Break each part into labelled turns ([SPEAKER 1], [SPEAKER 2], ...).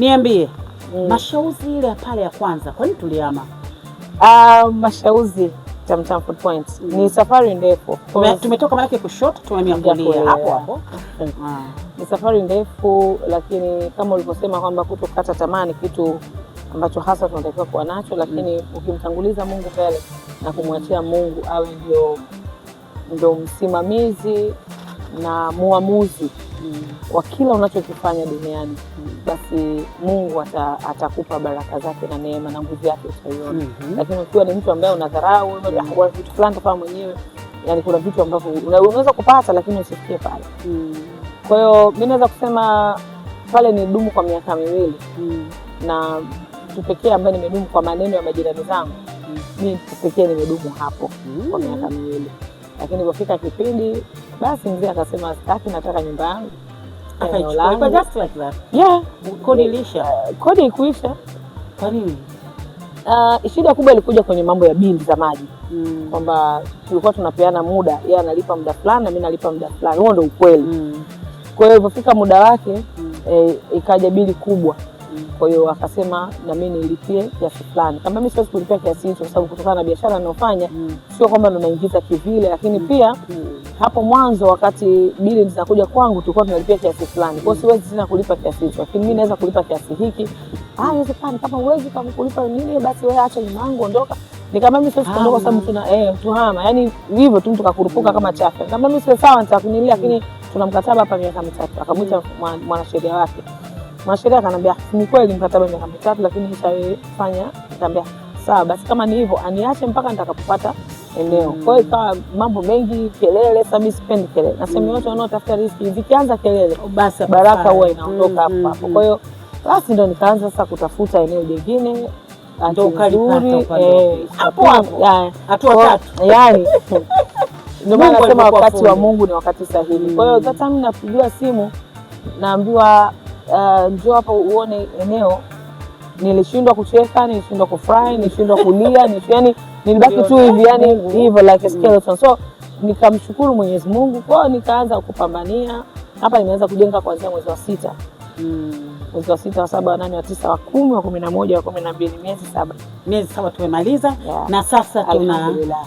[SPEAKER 1] Niambie mm. Mashauzi ile pale ya kwanza kwa nini tuliama?
[SPEAKER 2] Uh, ah, mashauzi Tam Tam Food Point mm. ni safari ndefu,
[SPEAKER 1] tumetoka maanake kushoto tumeamia kulia hapo hapo. Mm.
[SPEAKER 2] Ah. Ni safari ndefu, lakini kama ulivyosema kwamba kutokata tamaa ni kitu ambacho hasa tunatakiwa kuwa nacho, mm. lakini mm. ukimtanguliza Mungu mbele na kumwachia Mungu awe ndio ndio msimamizi na muamuzi kwa kila unachokifanya duniani basi Mungu atakupa ata baraka zake na neema na nguvu yake utaiona. mm -hmm. Lakini ukiwa ni mtu ambaye unadharau mhm. vitu fulani kama mwenyewe, yani kuna vitu ambavyo unaweza kupata lakini usifikie pale. mm. Kwa hiyo mi naweza kusema pale ni dumu kwa miaka miwili. mm. na mtu pekee ambaye nimedumu kwa maneno ya majirani zangu mhm. mi pekee nimedumu hapo mm. kwa mhm. miaka miwili, lakini ilipofika kipindi basi mzee akasema sitaki, nataka nyumba yangu eh, kodi ikuisha. Uh, shida kubwa ilikuja kwenye mambo ya bili za maji mm. Kwamba tulikuwa tunapeana muda, yeye analipa muda fulani na mimi nalipa muda fulani, huo ndio ukweli mm. Kwa hiyo ilipofika muda wake mm. eh, ikaja bili kubwa kwa hiyo akasema na mimi nilipie kiasi fulani, kama mimi siwezi kulipia kiasi hicho, kwa sababu kutokana na biashara ninayofanya mm. sio kwamba ninaingiza kivile, lakini mm. pia mm. hapo mwanzo wakati bili zinakuja kwangu tulikuwa tunalipia kiasi fulani, kwa hiyo mm. siwezi tena kulipa kiasi hicho, lakini mimi naweza kulipa kiasi hiki. Mm. Ah, inawezekana kama uwezi kama kulipa nini, basi wewe acha imangu, ondoka. Nikamwambia mimi siwezi kuondoka, sababu ah. tuna eh tuhama, yani hivyo tu, mtu kakurupuka mm. kama chafu. Nikamwambia mimi sawa, nitakunilia, lakini tuna mkataba hapa miaka mitatu. Akamwita mm. mwanasheria wake Mashauri akanambia ni kweli mkataba miaka mitatu, lakini nishafanya. Nikaambia sawa basi, kama ni hivyo aniache mpaka nitakapopata eneo. Mm. Kwa hiyo ikawa mambo mengi, kelele. Sasa mimi sipendi kelele, nasema watu mm. wanaotafuta riziki, zikianza kelele oh, basi baraka huwa inaondoka hapo mm, hapo. Kwa hiyo basi ndo nikaanza sasa kutafuta eneo jingine eh, eh, yani ndio maana nasema wakati wa Mungu ni wakati sahihi. Kwa hiyo hata mimi napigiwa simu naambiwa uh, eh, hapa uone eneo. Nilishindwa kucheka, nilishindwa kufurahi, nilishindwa kulia, yani nilibaki tu hivi, yani hivyo like a skeleton. So nikamshukuru Mwenyezi Mungu kwao, nikaanza kupambania hapa. Nimeanza kujenga kuanzia mwezi wa sita. Hmm. mwezi wa sita, wa saba, wa nane, wa tisa, wa kumi, wa kumi na moja, wa kumi na mbili, miezi saba,
[SPEAKER 1] miezi saba tumemaliza yeah. na sasa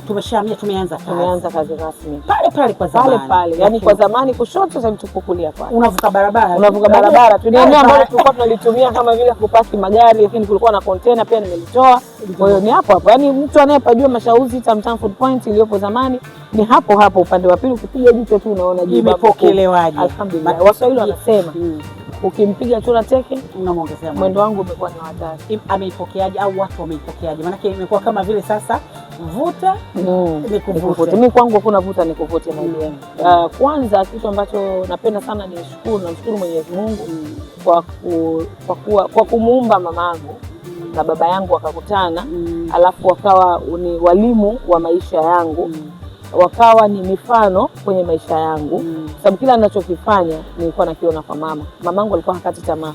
[SPEAKER 1] tumeshamia tumeanza tumeanza
[SPEAKER 2] kazi rasmi
[SPEAKER 1] pale pale kwa zamani pale
[SPEAKER 2] pale, yani kwa zamani kushoto, sasa mtu kukulia kwa
[SPEAKER 1] unavuka barabara,
[SPEAKER 2] unavuka barabara. Tuna eneo ambalo tulikuwa tunalitumia kama vile kupaki magari, lakini kulikuwa na container pia nimelitoa. Kwa hiyo ni hapo hapo, yani mtu anayepajua Mashauzi Tam Food Point iliyopo zamani ni hapo hapo upande wa pili, ukipiga jicho tu unaona
[SPEAKER 1] imepokelewaje.
[SPEAKER 2] Alhamdulillah, Waswahili wanasema hmm ukimpiga tu la teke unamwongezea. Mwendo wangu umekuwa ni hatari.
[SPEAKER 1] Ameipokeaje au watu wameipokeaje? Maanake imekuwa kama vile sasa vuta mm. nikuvute.
[SPEAKER 2] Mimi kwangu hakuna vuta nikuvute mm. Ah, kwanza kitu ambacho napenda sana ni shukuru, namshukuru Mwenyezi Mungu mm. kwa, ku, kwa, kuwa, kwa kumuumba mamangu na baba yangu wakakutana mm. alafu wakawa ni walimu wa maisha yangu mm wakawa ni mifano kwenye maisha yangu mm. Sababu kila ninachokifanya nilikuwa nakiona kwa mama. Mamangu alikuwa hakati tamaa.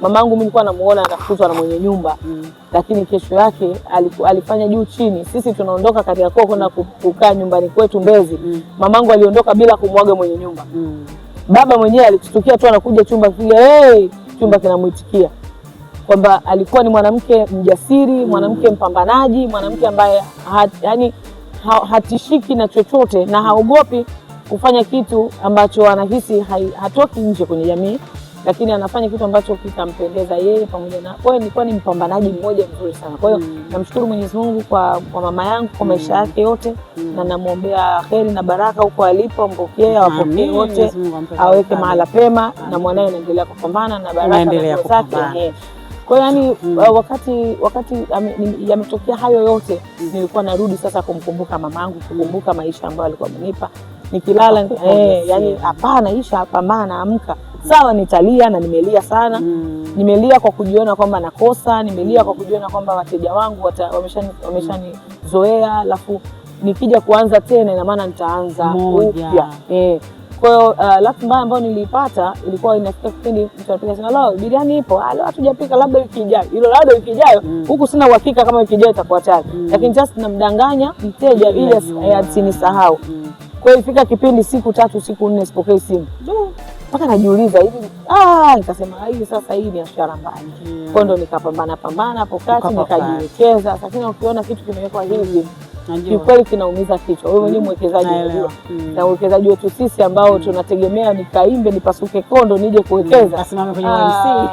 [SPEAKER 2] Mamangu mimi nilikuwa namuona anafutwa na mwenye nyumba mm. Lakini kesho yake aliku, alifanya juu chini. Sisi tunaondoka Kariakoo kwenda kukaa nyumbani kwetu Mbezi mm. Mamangu aliondoka bila kumwaga mwenye nyumba mm. Baba mwenyewe alitutukia tu anakuja chumba kile, hey! chumba kinamuitikia kwamba alikuwa ni mwanamke mjasiri, mwanamke mm. mpambanaji, mwanamke ambaye yani ha, hatishiki na chochote na haogopi kufanya kitu ambacho anahisi hatoki nje kwenye jamii, lakini anafanya kitu ambacho kitampendeza yeye pamoja na. Kwa hiyo nilikuwa ni mpambanaji mmoja mzuri sana. Kwa hiyo mm. namshukuru Mwenyezi Mungu kwa, kwa mama yangu kwa mm. maisha yake yote mm. na namwombea heri na baraka huko alipo, mpokee awapokee wote, aweke mahala pema, na mwanae anaendelea kupambana na baraka zake. Kwa hiyo yani, mm. Uh, wakati wakati yametokea hayo yote mm. nilikuwa narudi sasa kumkumbuka mamangu, kukumbuka maisha ambayo alikuwa amenipa nikilala eh, yani hapana, isha hapa, maana sawa, nitalia na nimelia sana mm. nimelia kwa kujiona kwamba nakosa, nimelia kwa kujiona kwamba wateja wangu wameshanizoea, alafu nikija kuanza tena, ina maana nitaanza upya eh. Kwa hiyo uh, laki mbaya ambayo niliipata ilikuwa inafika kipindi mtu anapiga sana lao, biriani ipo alo, ah, hatujapika labda wiki ijayo, ilo labda wiki ijayo mm. huku mm. Sina uhakika kama wiki ijayo itakuwa tayari mm. Lakini just namdanganya mteja mm. ili mm. Eh, asinisahau mm. Kwa hiyo ifika kipindi siku tatu siku nne sipokei simu mpaka najiuliza hivi, ah, nikasema ah, hii sasa, hii ni ashara mbaya mm. Kwa ndo nikapambana pambana hapo kati nikajiwekeza, lakini ukiona kitu kimewekwa hivi kiukweli kinaumiza kichwa. Wewe mwenyewe mwekezaji unajua, mm. na uwekezaji wetu sisi ambao mm. tunategemea nikaimbe nipasuke kondo nije kuwekeza
[SPEAKER 1] mm, ah,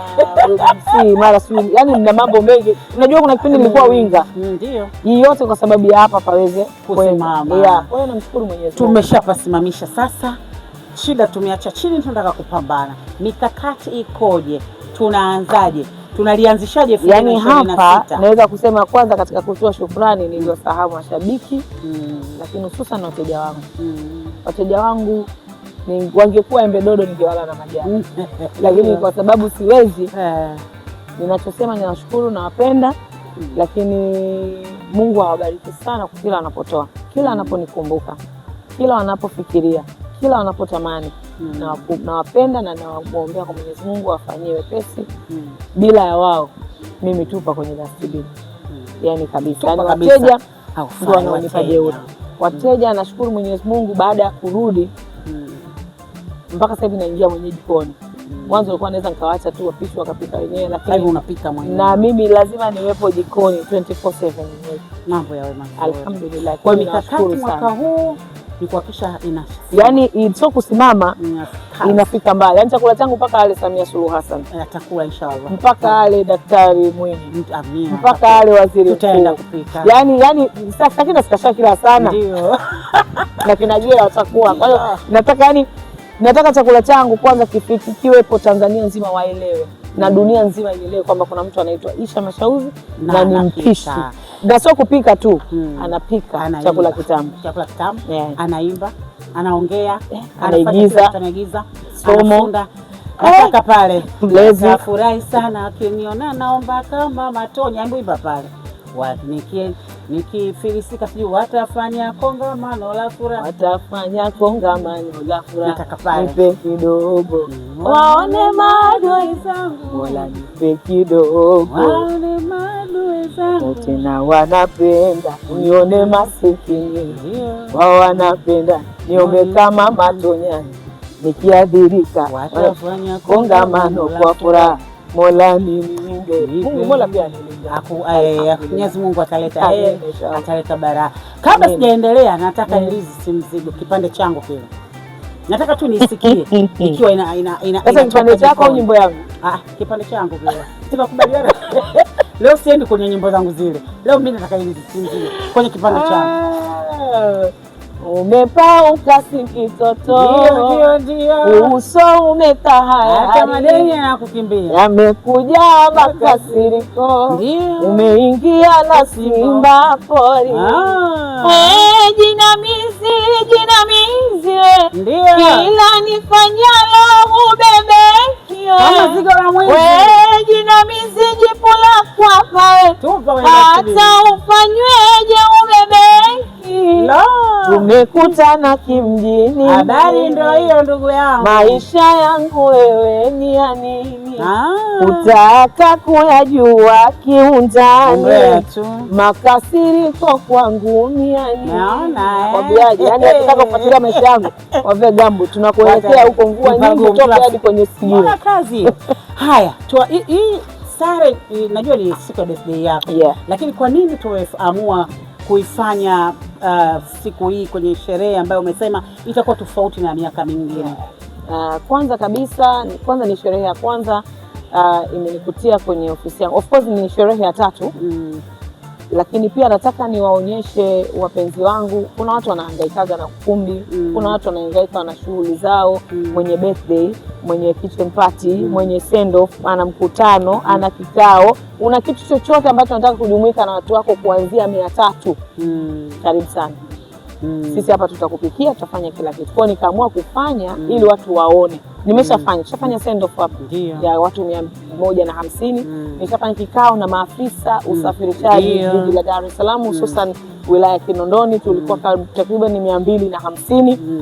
[SPEAKER 2] mara sijui, yani mna mambo mengi. Unajua kuna kipindi nilikuwa winga, ndio hii yote kwa sababu ya hapa paweze
[SPEAKER 1] kusimama.
[SPEAKER 2] Namshukuru Mwenyezi Mungu
[SPEAKER 1] tumeshapasimamisha sasa. Shida tumeacha chini, tunataka kupambana. Mikakati ikoje? Tunaanzaje? tunalianzishaje? Yani hapa
[SPEAKER 2] naweza kusema kwanza, katika kutoa shukrani niliosahau mashabiki mm. lakini hususan wateja wangu mm. wateja wangu ni wangekuwa embe dodo ningewala na majani lakini kwa sababu siwezi, eh. ninachosema ninashukuru, nawapenda mm. lakini Mungu awabariki sana kila anapotoa, kila mm. anaponikumbuka, kila wanapofikiria kila wanapotamani mm. Nawapenda na nawaombea kwa Mwenyezi Mungu wafanyie wepesi mm. Bila ya wao mimi tupa kwenye dastibini mm. Yani kabisa, yani wateja ndio wanaonipa jeuri hmm. wateja. Nashukuru Mwenyezi Mungu, baada ya kurudi mm. mpaka sasa hivi naingia mwenye jikoni hmm. mwanzo ulikuwa naweza nkawacha tu wapishi wakapika wenyewe, lakini
[SPEAKER 1] unapika mwenyewe
[SPEAKER 2] na mimi lazima niwepo jikoni 24/7
[SPEAKER 1] mambo yawe mazuri,
[SPEAKER 2] Alhamdulillah, kwa
[SPEAKER 1] mikakati mwaka huu ni kuhakikisha inafika,
[SPEAKER 2] Yaani sio kusimama, inafika mbali. Yaani chakula changu mpaka ale Samia Suluhu Hassan
[SPEAKER 1] atakula inshallah,
[SPEAKER 2] mpaka ale Daktari Mwinyi, amina, mpaka ale waziri,
[SPEAKER 1] tutaenda kupika.
[SPEAKER 2] Yaani yani sasa kina sikashaka kila sana ndio na kinajia watakuwa. Kwa hiyo nataka yani nataka chakula changu kwanza kiwepo Tanzania nzima waelewe na mm. dunia nzima ielewe kwamba kuna mtu anaitwa Isha Mashauzi na, na ni mpishi na sio kupika tu hmm. Anapika anaimba, chakula kitamu chakula kitamu yeah.
[SPEAKER 1] Anaimba, anaongea, eh, anaigiza, anaigiza somo eh. nataka pale afurahi sana akiniona, naomba kama matonya mbuiba pale wanikie nikifilisika, sijui watafanya kongamano la furaha,
[SPEAKER 2] watafanya kongamano la furaha, mm. nipe kidogo waone maadui zangu, wala nipe kidogo
[SPEAKER 1] waone maadui zangu,
[SPEAKER 2] tena wanapenda nione masikini wao, wanapenda niombe mm. kama matonyani, nikiadhirika
[SPEAKER 1] watafanya kongamano kwa furaha,
[SPEAKER 2] mola nininge
[SPEAKER 1] Mungu mola pia Eh, Mwenyezi Mungu ataleta ataleta baraka. Kabla sijaendelea, nataka nilizi simzigo kipande changu kile, nataka tu nisikie ikiwa ina ina ina
[SPEAKER 2] kipande chako au nyimbo yangu.
[SPEAKER 1] Ah, kipande changu kile tunakubaliana. Leo siendi kwenye nyimbo zangu zile, leo mimi nataka nilizi simzigo kwenye kipande changu. Ah.
[SPEAKER 2] Umepauka si kitoto, uso umetahayari, yamekuja makasiriko, umeingia na simba pori. Hey, ah. jinamizi jinamizi, kila nifanyalo ubebekio. Hey, jinamizi jipula kwapa,
[SPEAKER 1] hata
[SPEAKER 2] ufanyweje Tumekutana kimjini,
[SPEAKER 1] habari ndo hiyo ndugu yangu.
[SPEAKER 2] Maisha yangu wewe ni ya nini? Ah. Utaka kuyajua kiundani, makasiriko kwangu ni ya nini?
[SPEAKER 1] Eh.
[SPEAKER 2] Kwambiaje? Yani nataka kufuatilia maisha yangu wave gambo, tunakuelekea huko, mvua nyingi toka hadi kwenye sijui
[SPEAKER 1] kazi. Haya, hii sare, najua ni siku ya birthday yako, lakini kwa nini tumeamua kuifanya uh, siku hii kwenye sherehe ambayo umesema itakuwa tofauti na miaka mingine?
[SPEAKER 2] Uh, kwanza kabisa, kwanza ni sherehe ya kwanza uh, imenikutia kwenye ofisi yangu. Of course ni sherehe ya tatu mm lakini pia nataka niwaonyeshe wapenzi wangu, kuna watu wanahangaikaga na kukumbi mm. kuna watu wanahangaika na shughuli zao mm. mwenye birthday, mwenye kitchen party mm. mwenye send off, ana mkutano mm. ana kikao, una kitu chochote ambacho nataka kujumuika na watu wako kuanzia mia tatu. Mm. Karibu sana mm. sisi hapa tutakupikia, tutafanya kila kitu kwao. Nikaamua kufanya mm. ili watu waone nimeshafanya, tushafanya mm. send off hapa ya watu mia moja na hamsini mm. nishafanya kikao na maafisa mm. usafirishaji jiji la Dar es Salaam hususan mm wilaya ya Kinondoni tulikuwa mm. takriban mia mbili na hamsini mm,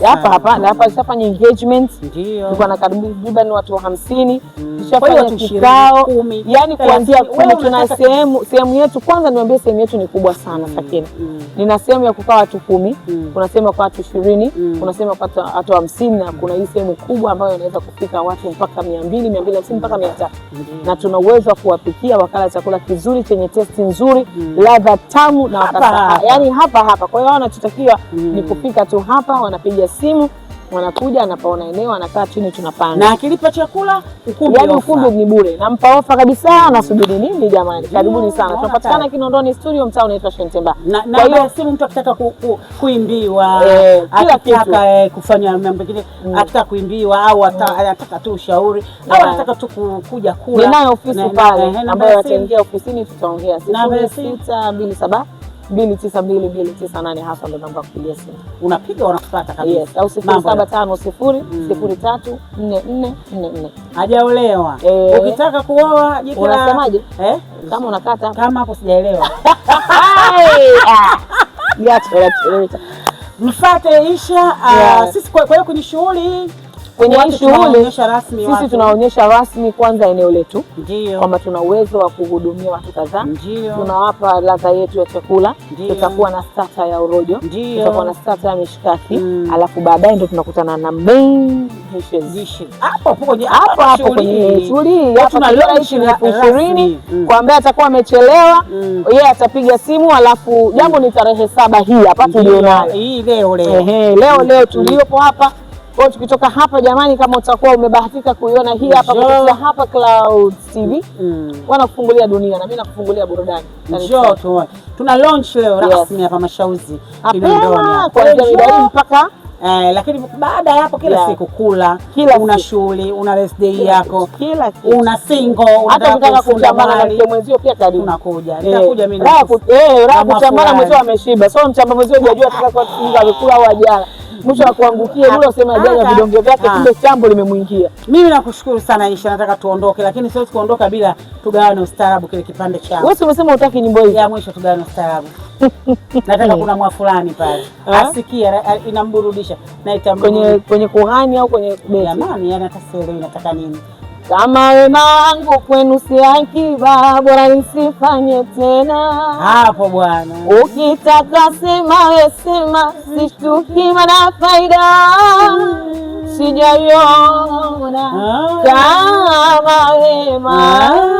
[SPEAKER 2] hapa hapa na hapa engagement tulikuwa na takriban watu wa hamsini mm. kikao, yani kuanzia kumi. Tuna sehemu sehemu yetu kwanza, niambie sehemu yetu ni kubwa sana mm. Sakina, mm. nina sehemu ya kukaa watu kumi, mm. kuna sehemu ya kukaa watu ishirini, kuna sehemu ya kukaa watu hamsini na kuna hii sehemu kubwa ambayo inaweza kufika watu mpaka mia mbili mia mbili hamsini mpaka mia tatu na tuna uwezo wa kuwapikia wakala chakula kizuri chenye testi nzuri, ladha tamu na hapa hapa, yani hapa hapa. Kwa hiyo wanachotakiwa mm. ni kufika tu hapa, wanapiga simu wanakuja anapaona eneo anakaa chini, tunapanga
[SPEAKER 1] na akilipa chakula ukumbi, yani
[SPEAKER 2] ukumbi ni bure, nampa ofa kabisa. Nasubiri nini jamani? Karibuni sana, tunapatikana Kinondoni studio, mtaa unaitwa Shentemba.
[SPEAKER 1] Kwa hiyo simu, mtu akitaka ku, ku, kuimbiwa eh, kila akitaka eh, kufanya mambo mengine mm. akitaka kuimbiwa au hmm. anataka tu ushauri au anataka tu kuja kula,
[SPEAKER 2] ninayo ofisi pale eh, eh, ambayo ataingia ofisini, tutaongea sifuri sita mbili saba mbili tisa mbili mbili tisa nane hasa ndo namba kupigia simu.
[SPEAKER 1] Unapiga wanakufuata kabisa. Yes,
[SPEAKER 2] au sifuri saba tano sifuri mm. sifuri tatu nne nne nne nne.
[SPEAKER 1] Hajaolewa. E, ukitaka kuoa jipya unasemaje? Eh?
[SPEAKER 2] Kama unakata
[SPEAKER 1] kama hapo sijaelewa. Ah! Mfate Isha, yeah. Uh, sisi kwa hiyo kwenye shughuli
[SPEAKER 2] kwenye hii shughuli sisi tunaonyesha rasmi kwanza eneo letu kwamba tuna uwezo wa kuhudumia watu kadhaa. Tunawapa ladha yetu ya chakula, tutakuwa na starter ya urojo, tutakuwa na starter ya mishikaki mm. alafu baadaye ndo tunakutana na main hapo hapo kwenye shughuli elfu ishirini. Mm. Kwa ambaye atakuwa amechelewa mm. yeye atapiga simu, alafu jambo ni tarehe saba hii hapa tulionayo leo leo tuliopo hapa kwa hiyo tukitoka hapa jamani, kama utakuwa umebahatika kuiona hii hapa kutoka hapa Cloud TV mm. wanakufungulia dunia na mimi nakufungulia burudani.
[SPEAKER 1] Njoo tu. Tuna launch leo yes. rasmi hapa Mashauzi
[SPEAKER 2] Kinondoni
[SPEAKER 1] kuanzia mpaka Eh, lakini baada ya hapo kila yeah. siku kula kila una shughuli una rest day yako kila siku una single
[SPEAKER 2] hata unataka kuchambana na mwenzio pia karibu
[SPEAKER 1] unakuja eh, nitakuja mimi
[SPEAKER 2] eh raha kuchambana mwenzio ameshiba so mchamba mwenzio hajajua atakayekuwa amekula au ajala mwisho akuangukie ule usema ah, jana ah, vidonge vyake, ah. kumbe chambo limemwingia.
[SPEAKER 1] Mimi nakushukuru sana Aisha, nataka tuondoke, lakini siwezi kuondoka bila tugawane ustaarabu kile kipande cha. Wewe
[SPEAKER 2] umesema hutaki nyimbo hii
[SPEAKER 1] ya mwisho, tugawane ustaarabu nataka kuna mwa fulani pale asikia eh, inamburudisha na itamrudi kwenye
[SPEAKER 2] kwenye kuhani au kwenye
[SPEAKER 1] jamani, yani hata sielewi nataka nini
[SPEAKER 2] kama wema wangu kwenu si akiba, bora nisifanye tena
[SPEAKER 1] hapo bwana.
[SPEAKER 2] Ukitaka sema we sema, sishtuki mana faida sijaiona kama wema